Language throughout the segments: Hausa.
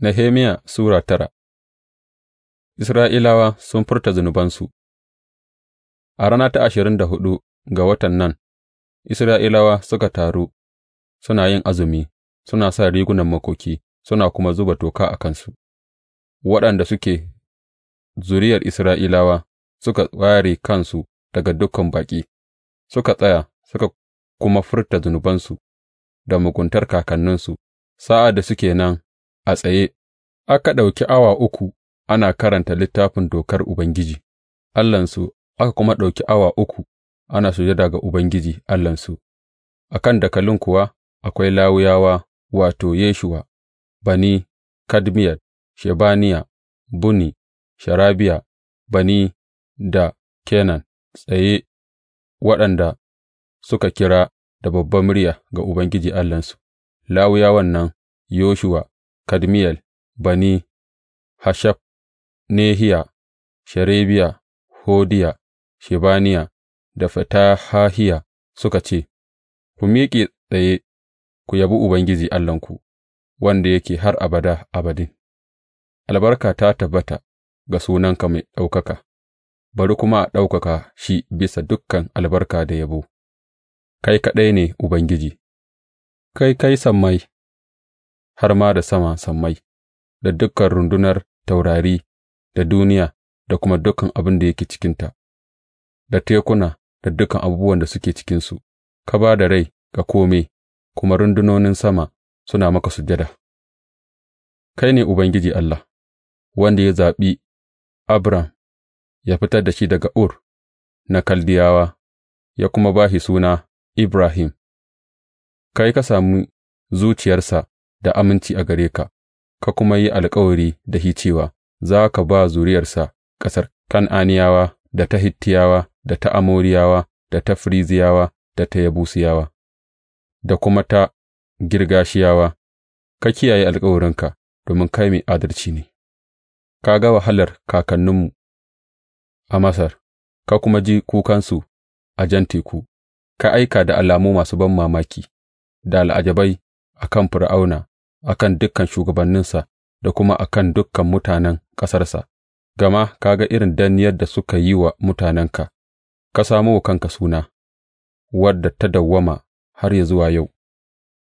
Nehemiya Sura tara Isra'ilawa sun furta zunubansu A rana ta ashirin da hudu ga watan nan, Isra'ilawa suka taru, suna yin azumi, suna sa rigunan makoki, suna kuma zuba toka a kansu, waɗanda suke zuriyar Isra'ilawa suka ware kansu daga dukan baƙi, suka tsaya suka kuma furta zunubansu da muguntar kakanninsu sa'ad da suke nan. a tsaye, aka ɗauki awa uku ana karanta Littafin Dokar Ubangiji Allahnsu, aka kuma ɗauki awa uku ana sujada ga Ubangiji Allahnsu, a kan dakalin kuwa akwai lawuyawa, wato, Yeshuwa, Bani, Kadmiyar, Shebaniya, Buni, Sharabiya, Bani da Kenan tsaye waɗanda suka kira da Babban murya ga Ubangiji Allahnsu, lawuyawan nan Yoshuwa. Kadmiyel, Bani, hashab Nehiya, Sherebiya, Hodiya, Shebaniya da Fatahahiya suka ce, Ku miƙe tsaye ku yabi Ubangiji Allahnku, wanda yake har abada abadin, albarka ta tabbata ga sunanka mai ɗaukaka, bari kuma a ɗaukaka shi bisa dukkan albarka da yabo, kai kaɗai ne Ubangiji, kai kai sammai. har ma da sama sammai, da dukan rundunar taurari, da duniya, da kuma dukan abin da yake cikinta, da tekuna, da dukan abubuwan da suke cikinsu, ka ba da rai ga kome, kuma rundunonin sama suna maka sujada. Kai ne Ubangiji Allah, wanda ya zaɓi Abram, ya fitar da shi daga Ur na Kaldiyawa, ya kuma ba shi suna Ibrahim, kai ka sami zuciyarsa da aminci a gare ka, ka kuma yi alkawari da shi cewa za ka ba zuriyarsa ƙasar Kan'aniyawa, da ta Hittiyawa, da ta Amoriyawa, da ta Firiziyawa, da ta Yabusiyawa, da kuma ta Girgashiyawa, ka kiyaye alkawarinka, domin kai mai adalci ne, ka ga wahalar kakanninmu a Masar, ka kuma ji kukansu a jan teku, ka aika da alamu masu ban mamaki da al'ajabai a kan Fir'auna a kan dukan shugabanninsa da kuma a kan dukan mutanen ƙasarsa, gama ka ga irin danniyar da suka yi wa mutanenka, ka samo wa kanka suna, wadda ta dawwama har ya zuwa yau,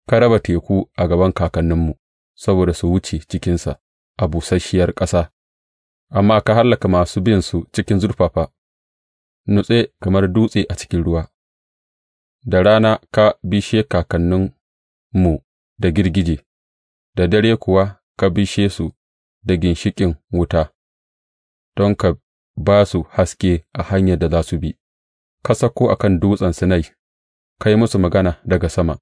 ka raba teku a gaban kakanninmu saboda su wuce cikinsa a busasshiyar ƙasa, amma ka hallaka masu binsu cikin zurfafa, nutse kamar dutse a cikin ruwa. da rana ka bishe kakanninmu da girgije, da dare kuwa ka bishe su da ginshiƙin wuta, don ka ba su haske a hanyar da za su bi, ka sako a kan dutsen Sinai, ka yi musu magana daga sama,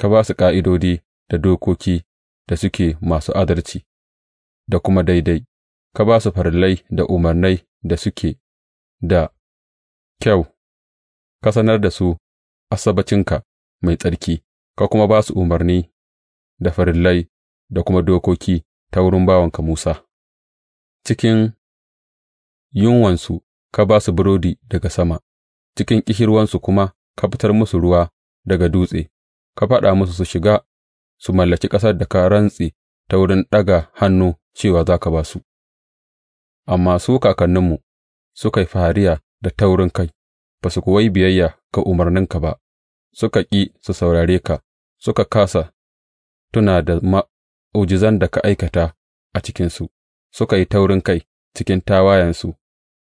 ka ba su ƙa'idodi da dokoki da suke masu adalci da kuma daidai, ka ba su farillai da umarnai da suke da kyau, ka sanar da su asabacinka mai tsarki, ka kuma ba su umarni da farillai da kuma dokoki ta wurin bawanka Musa, cikin yunwansu ka ba su burodi daga sama, cikin ƙishirwansu kuma ka fitar musu ruwa daga dutse, ka faɗa musu su shiga su mallaki ƙasar da ka rantse ta wurin ɗaga hannu cewa za ka ba su, amma su kakanninmu suka yi fariya da taurin kai, ba su kuwa biyayya ga umarninka ba, suka ƙi su saurare ka, suka kasa, tuna da mu'ujizan da ka aikata a cikinsu, suka yi taurin kai cikin tawayensu,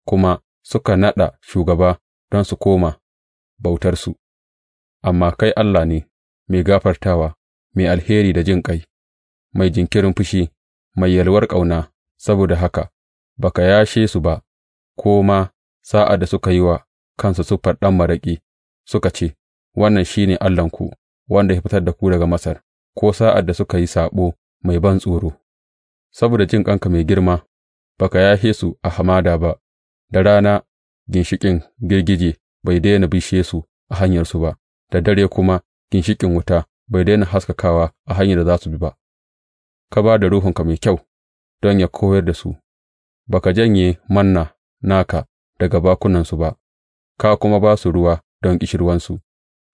kuma suka naɗa shugaba don su koma bautarsu, amma kai Allah ne, mai gafartawa, mai alheri da jin ƙai? mai jinkirin fushi, mai yalwar ƙauna, saboda haka baka ka yashe su ba, ko ma sa'ad da suka yi wa kansu siffar ɗan maraƙi, suka ce, Wannan shi ne Allahnku, wanda ya fitar da ku daga Masar, ko sa'ad da suka yi saɓo mai ban tsoro. saboda jinƙanka mai girma, ba ka yashe su a hamada ba, da rana ginshiƙin girgije bai daina bishe su a su ba, da dare kuma ginshiƙin wuta bai daina haskakawa a hanyar da za su bi ba, ka ba da ruhunka mai kyau don ya koyar da su, ba ka janye manna naka daga bakunansu ba, ka kuma ba su ruwa don ƙishirwansu,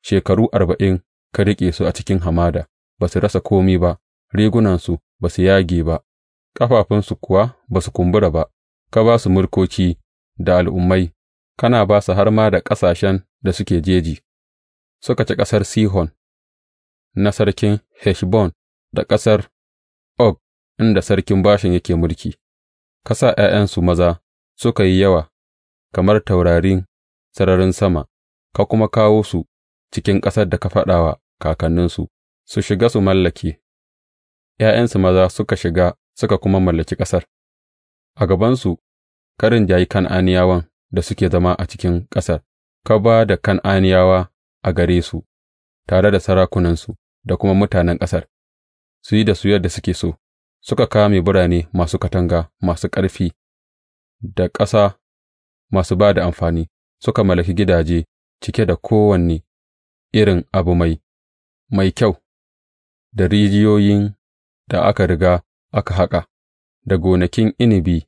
shekaru arba'in ka riƙe su a cikin hamada, ba su rasa komi ba, rigunansu ba su yage ba, ƙafafunsu kuwa ba su kumbura ba, ka ba su mulkoki da al'ummai, kana ba su har ma da ƙasashen da suke jeji, suka ci ƙasar Sihon na sarkin Heshbon da ƙasar Og inda sarkin bashin yake mulki, ka sa ’ya'yansu maza suka yi yawa kamar taurarin sararin sama, ka kuma kawo su cikin ƙasar da ka faɗa wa kakanninsu, su shiga su mallake. ’ya'yansu maza suka shiga suka kuma mallaki ƙasar, a gabansu ka rinjayi Kan'aniyawan da suke zama a cikin ƙasar, ka ba da Kan'aniyawa a gare su, tare da sarakunansu da kuma mutanen ƙasar, su yi da su yadda suke so, suka kame birane masu katanga masu ƙarfi da ƙasa masu ba da amfani, suka mallaki gidaje cike da kowanne irin abu mai, mai kyau, da rijiyoyin da aka riga aka haƙa, da gonakin inibi,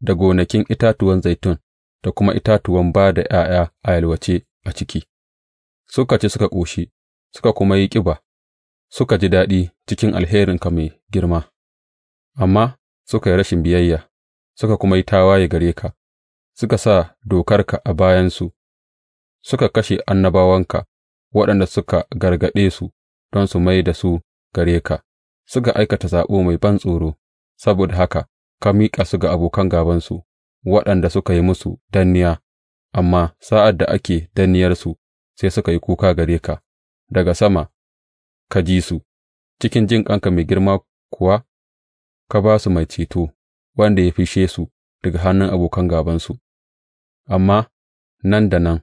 da gonakin itatuwan zaitun, da kuma itatuwan ba da ’ya'ya a yalwace a ciki, suka ci suka ƙoshi, suka kuma yi ƙiba, suka ji daɗi cikin alherinka mai girma, amma suka yi rashin biyayya, suka kuma yi tawaye gare ka, suka sa dokarka a bayansu, suka kashe annabawanka waɗanda suka gargaɗe su don su mai da su gare ka. suka aikata zaɓo mai ban tsoro saboda haka ka miƙa su ga abokan gābansu waɗanda suka yi musu danniya, amma sa'ad da ake danniyarsu sai suka yi kuka gare ka daga sama ka ji su, cikin jin ƙanka mai girma kuwa ka ba su mai ceto wanda ya fishe su daga hannun abokan gābansu, amma nan da nan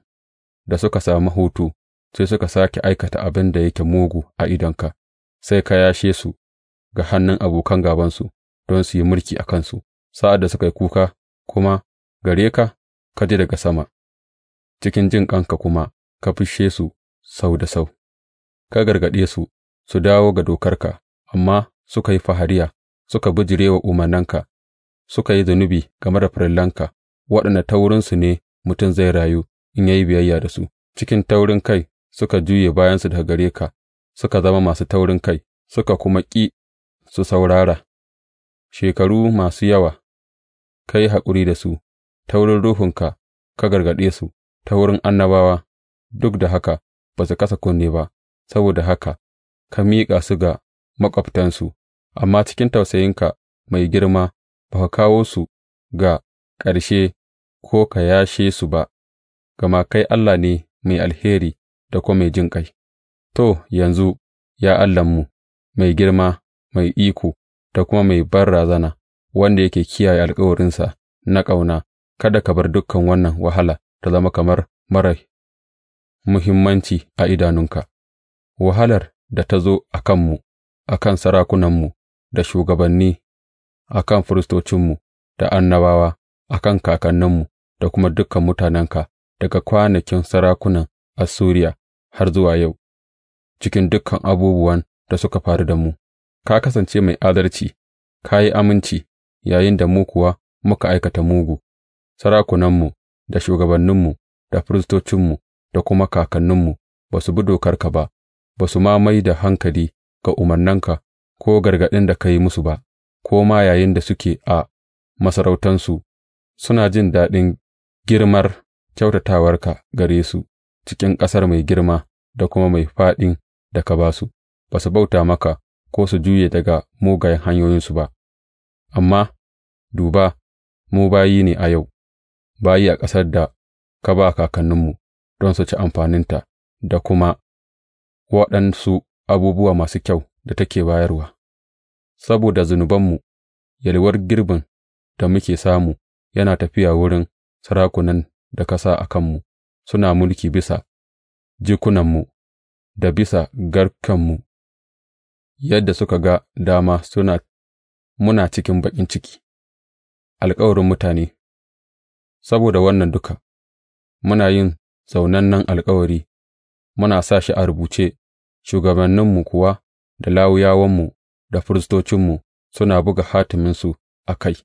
da suka sami hutu sai suka sake aikata abin da yake mugu a idonka, sai ka yashe su ga hannun abokan gābansu don su yi mulki a kansu sa'ad da suka yi kuka kuma gare ka, ka ji daga sama, cikin jin ƙanka kuma ka fishe su sau da sau, ka gargaɗe su su dawo ga dokarka, amma suka yi fahariya, suka bijire wa umarnanka, suka yi zunubi game da farillanka, waɗanda ta wurinsu ne mutum zai rayu in ya yi biyayya da su, cikin taurin kai suka juye bayansu daga gare ka, suka zama masu taurin kai, suka kuma ƙi su saurara, shekaru masu yawa, ka yi haƙuri da su, ta wurin Ruhunka ka gargaɗe su, ta wurin annabawa, duk da haka ba su kasa kunne ba, saboda haka ka miƙa su ga maƙwabtansu, amma cikin tausayinka mai girma ba ka kawo su ga ƙarshe ko ka yashe su ba, gama kai Allah ne mai alheri da kuma mai jinƙai. To, yanzu, ya Allahnmu mai girma mai iko da kuma mai banrazana, wanda yake kiyaye alkawarinsa na ƙauna, kada ka bar dukan wannan wahala ta zama kamar marar muhimmanci a idanunka, wahalar da ta zo a kanmu, a kan sarakunanmu, da shugabanni, a kan firistocinmu, da annabawa, a kan kakanninmu, da kuma dukan mutanenka, daga kwanakin sarakunan Assuriya har zuwa yau, cikin dukan abubuwan da suka faru da mu. ka kasance mai adalci, ka yi aminci, da mu kuwa muka aikata mugu, sarakunanmu da shugabanninmu da firistocinmu da kuma kakanninmu ba su bi dokarka ba, ba su ma mai da hankali ga umarnanka ko gargaɗin da ka yi musu ba, ko ma yayin da suke a masarautansu suna jin daɗin girmar kyautatawarka gare su cikin ƙasar mai girma da kuma mai faɗin da ka ba su, ba su bauta maka ko su juye daga mugayen hanyoyinsu ba, amma duba, mu bayi ne a yau, bayi a ƙasar da ka ba kakanninmu don su ci amfaninta da kuma waɗansu abubuwa masu kyau da take bayarwa, saboda zunubanmu, yalwar girbin da muke samu yana tafiya wurin sarakunan da ka sa a kanmu, suna mulki bisa jikunanmu da bisa garkanmu. yadda suka ga dama suna muna cikin baƙin ciki, alkawarin mutane, saboda wannan duka, muna yin zaunannen alkawari, muna sa shi a rubuce, shugabanninmu kuwa da Lawiyawanmu da firistocinmu suna buga hatiminsu a kai.